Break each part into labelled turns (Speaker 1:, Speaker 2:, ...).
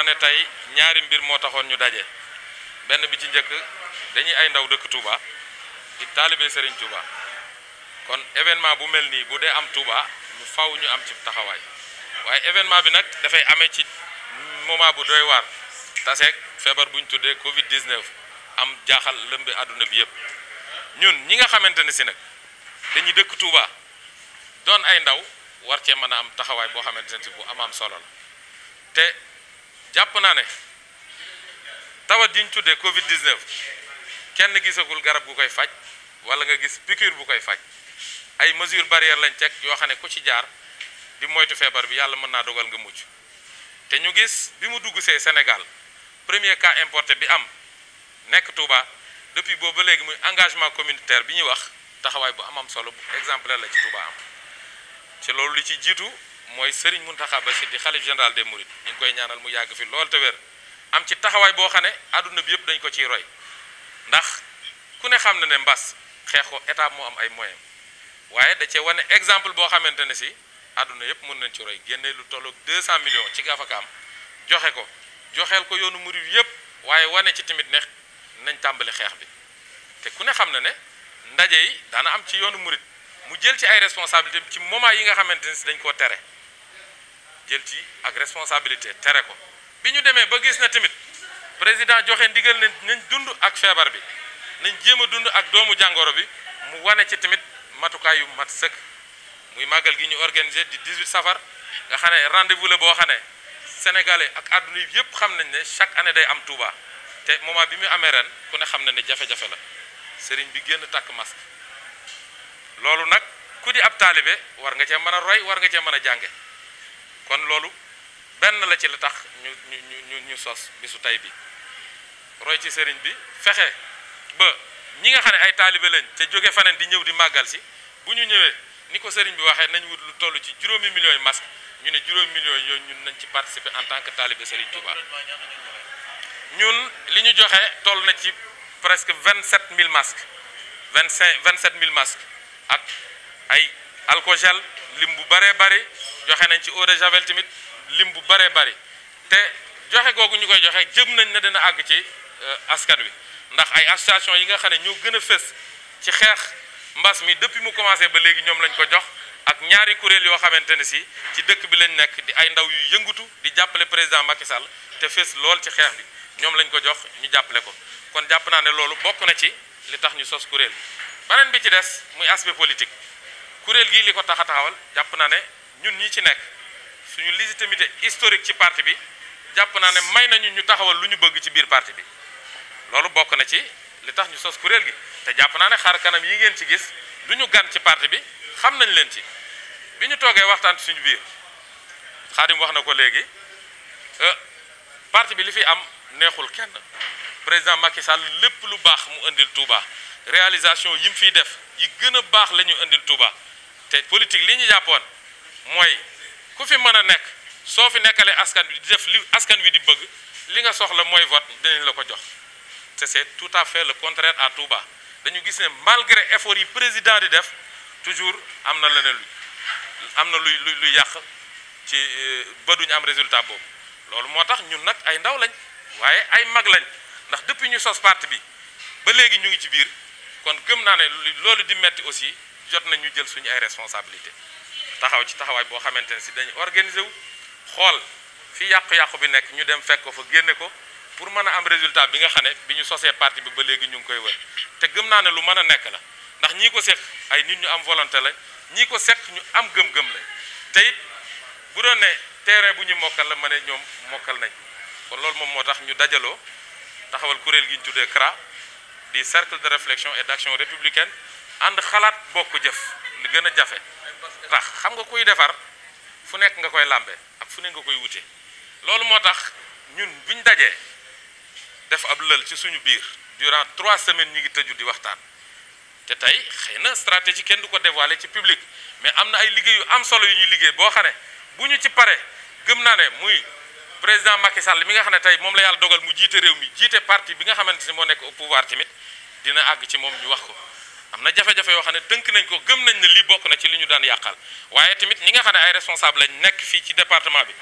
Speaker 1: naa ne tey ñaari mbir moo taxoon ñu daje benn bi ci njëkk dañuy ay ndaw dëkk Touba di taalibe Serigne Touba kon événement bu mel nii bu dee am Touba ñu faw ñu am ci taxawaay waaye événement bi nag dafay amee ci moment bu doy waar taseeg feebar bu ñu tuddee Covid 19 am jaaxal lëmb àdduna bi yëpp ñun ñi nga xamante ne si nag dañuy dëkk Touba doon ay ndaw war cee mën a am taxawaay boo xamante ne si bu am am solo jàpp naa ne tawat yi ñu tuddee Covid 19 kenn gisagul garab gu koy faj wala nga gis piqûre bu koy faj ay mesure barrière lañ teg yoo xam ne ku ci jaar di moytu feebar bi yàlla mën naa dogal nga mucc te ñu gis bi mu dugg see Sénégal premier cas importé bi am nekk Touba depuis boobu léegi muy engagement communautaire bi ñuy wax taxawaay bu am am solo bu exemplaire la ci Touba am ci loolu li ci jiitu. mooy Serigne Mountakha Bassir di xalif général de Mourides ñu ngi koy ñaanal mu yàgg fi lool te wér am ci taxawaay boo xam ne àdduna bi yëpp dañ ko ciy roy ndax ku ne xam na ne mbas xeex ko état moo am ay moyen waaye da cee wane exemple boo xamante ne si àdduna yëpp mën nañ ci roy génne lu tolloog cent millions ci gafakaam joxe ko joxeel ko yoonu murid yëpp waaye wane ci tamit ne nañ tàmbali xeex bi te ku ne xam na ne ndaje yi daana am ci yoonu murid mu jël ci ay responsabilités ci moment yi nga xamante ne si dañ koo tere. jël ci ak responsabilité tere ko bi ñu demee ba gis na tamit président joxe ndigal ne nañ dund ak feebar bi nañ jéem a dund ak doomu jàngoro bi mu wane ci tamit matukaay yu mat sëkk muy màggal gi ñu organiser di 18 safar nga xam ne rendez la boo xam ne sénégalais ak àdduna yi yëpp xam nañ ne chaque année day am Touba te moment bi mu amee ren ku ne xam na ne jafe-jafe la sëriñ bi génn takk masque loolu nag ku di ab taalibe war nga cee mën a roy war nga cee mën a jànge kon loolu benn la ci la tax ñu ñu ñu ñu sos bisu tey bi roy ci sëriñ bi fexe ba ñi nga xam ne ay taalibe lañ te jóge faneen di ñëw di màggal si bu ñu ñëwee ni ko sëriñ bi waxee nañu wut lu toll ci juróomi million yi masque ñu ne juróomi millions yooyu ñun nañ ci participer en tant que taalibe sëriñ Touba ñun li ñu joxe toll na ci presque vingt sept mille masques vingt cinq vingt sept mille masques ak ay alcogel lim bu bëree bëri. joxe nañ ci eau de javel tamit lim bu bëree bëri te joxe googu ñu koy joxe jëm nañ ne dina àgg ci euh, askan wi ndax ay association yi nga xam ne ñoo gën a fës ci xeex mbas mi depuis mu commencé ba léegi ñoom lañ ko jox ak ñaari kuréel yoo xamante ne si ci dëkk bi lañ nekk di ay ndaw yu yëngutu di jàppale président Macky Sall te fës lool ci xeex bi ñoom lañ ko jox ñu jàppale ko kon jàpp naa ne loolu bokk na ci li tax ñu sos kuréel beneen bi ci des muy aspect politique kuréel gii li ko tax a taxawal jàpp naa ne. ñun ñi ci nekk suñu légitimité istorique ci parti bi jàpp naa ne may nañu ñu taxawal lu ñu bëgg ci biir parti bi loolu bokk na ci li tax ñu sos kuréel gi te jàpp naa ne xaar kanam yi ngeen ci gis du ñu gan ci parti bi xam nañ leen ci bi ñu toogee waxtaan ci suñu biir xaadim wax na ko léegi euh, parti bi li fi am neexul kenn président Macky Sall lépp lu baax mu indil Touba réalisation yi mu fiy def yi gën a baax la ñu indil Touba te politique li ñu jàppoon. mooy ku fi mën a nekk soo fi nekkalee askan wi di def li askan wi di bëgg li nga soxla mooy vote dinañ la ko jox te c'est tout à fait le contraire à Touba dañu gis ne malgré effort yi président di def toujours am na leneen lu am na lu lu yàq ci euh, ba duñu am résultat boobu loolu moo tax ñun nag ay ndaw lañ waaye ay mag lañ ndax depuis ñu sos parti bi ba léegi ñu ngi ci biir kon gëm naa ne loolu di metti aussi jot nañ ñu jël suñu ay responsabilité taxaw ci taxawaay boo xamante ne si dañu organiser wu xool fi yàqu-yàqu bi nekk ñu dem fekk ko fa génne ko pour mën a am résultat bi nga xam ne bi ñu sosee parti bi ba léegi ñu ngi koy wër te gëm naa ne lu mën a nekk la ndax ñii ko seq ay nit ñu am volonté la ñii ko seq ñu am gëm-gëm la te it bu doon ne terrain bu ñuy mokkal la ma ne ñoom mokkal nañ kon loolu moom moo tax ñu dajaloo taxawal kuréel gi ñu tuddee CRA di cercle de réflexion et d'action républicaine ànd xalaat bokk jëf li gën a jafe tax xam nga kuy defar fu nekk nga koy làmbe ak fu nekk nga koy wute loolu moo tax ñun bu ñu dajee def ab lël ci suñu biir durant trois semaines ñu ngi tëju di waxtaan te tey xëy na stratégie kenn du ko dévoiler ci public mais am na ay liggéeyu am solo yu ñuy liggéey boo xam ne bu ñu ci pare gëm naa ne muy président Macky Sall mi nga xam ne tey moom la yàlla dogal mu jiite réew mi jiite parti bi nga xamante ni moo nekk au pouvoir tamit dina àgg ci moom ñu wax ko. am na jafe-jafe yoo xam ne tënk nañ ko gëm nañ ne lii bokk na ci li ñu daan yàqal waaye tamit ñi nga xam ne ay responsable lañ nekk fii ci département bi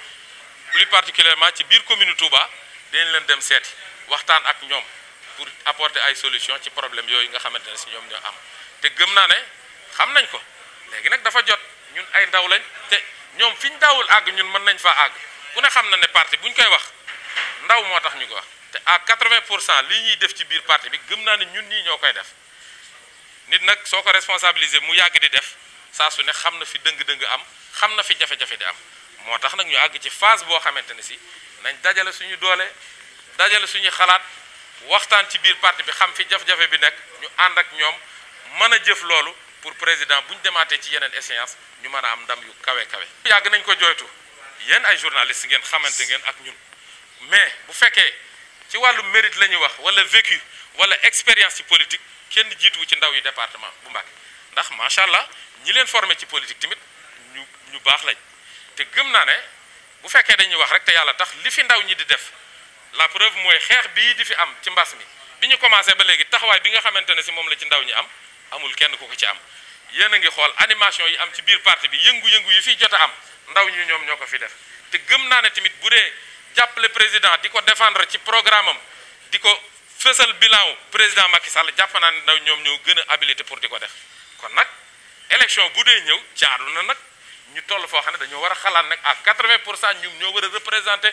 Speaker 1: plus particulièrement ci biir commune Touba dañ leen dem seeti waxtaan ak ñoom pour apporter ay solution ci problème yooyu nga xamante ne si ñoom ñoo am te gëm naa ne xam nañ ko léegi nag dafa jot ñun ay ndaw lañ te ñoom fi ñu daawul àgg ñun mën nañ faa àgg ku ne xam na ne parti bu ñu koy wax ndaw moo tax ñu ko wax te à 80 pour cent lii ñuy def ci bi gëm naa ne ñun ñii ñoo koy def nit nag soo ko responsabiliser mu yàgg di def saa su ne xam na fi dëng-dëng am xam na fi jafe-jafe di am moo tax nag ñu àgg ci phase boo xamante ne si nañ dajale suñu doole dajale suñu xalaat waxtaan ci biir parti bi xam fi jafe-jafe bi nekk ñu ànd ak ñoom mën a jëf loolu pour président bu ñu demaatee ci yeneen échéance ñu mën a am ndam yu kawe kawe. yàgg nañ ko joytu yéen ay journaliste ngeen xamante ngeen ak ñun mais bu fekkee ci wàllu mérite la ñuy wax wala vécu wala expérience ci politique. kenn jiituwu ci ndaw yi département bu Mbacké ndax macha allah ñi leen formé ci politique tamit ñu ñu baax lañ te gëm naa ne bu fekkee dañuy wax rek te yàlla tax li fi ndaw ñi di def la preuve mooy xeex bii di fi am ci mbas mi bi ñu commencé ba léegi taxawaay bi nga xamante ne si moom la ci ndaw ñi am amul kenn ku ko ci am yéen a ngi xool animation yi am ci biir parti bi yëngu-yëngu yi fiy jot a am ndaw ñi ñoom ñoo ko fi def te gëm naa ne tamit bu dee jàppale président di ko défendre ci programme am fësal bilan président Macky Sall jàpp naa ne ndaw ñoom ñoo gën a habilité pour di ko def kon nag élection bu dee ñëw jaarul na nag ñu toll foo xam ne dañoo war a xalaat nag à 80 pour cent ñoom ñoo war a représenté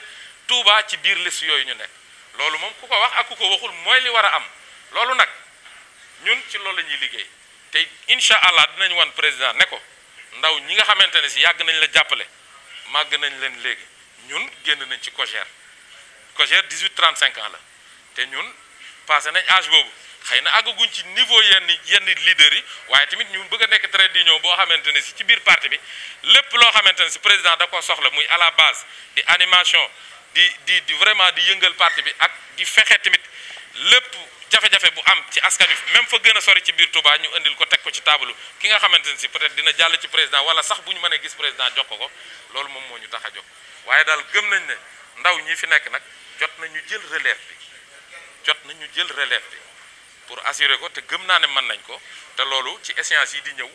Speaker 1: Touba ci biir liste yooyu ñu nekk loolu moom ku ko wax ak ku ko waxul mooy li war a am loolu nag ñun ci loolu la ñuy liggéey tey incha allah dinañ wan président ne ko ndaw ñi nga xamante ne si yàgg nañ la jàppale màgg nañ leen léegi ñun génn nañ ci COJER COJER 18 35 ans la te passé nañ âge boobu xëy na àggaguñ ci niveau yenn yenn leader yi waaye tamit ñu bëgg a nekk di d'union boo xamante ne si ci biir parti bi lépp loo xamante ne si président da ko muy la base di animation di di di vraiment di yëngal parti bi ak di fexe tamit lépp jafe-jafe bu am ci askan ni même fa gën a sori ci biir Touba ñu indil ko teg ko ci taabalu ki nga xamante ne si peut-être dina jàll ci président wala sax bu ñu mënee gis président jox ko ko loolu moom moo ñu tax a jox waaye daal gëm nañ ne ndaw ñi fi nekk nag jot nañu jël relève bi. jot na ñu jël relève bi pour assurer ko te gëm naa ne mën nañ ko te loolu ci échéance yi di ñëw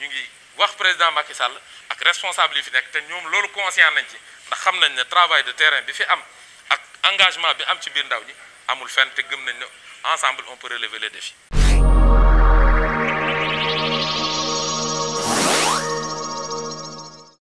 Speaker 1: ñu ngi wax président Macky Sall ak responsable yi fi nekk te ñoom loolu conscient nañ ci ndax xam nañ ne travail de terrain bi fi am ak engagement bi am ci biir ndaw ñi amul fenn te gëm nañ ne ensemble on peut relever les défis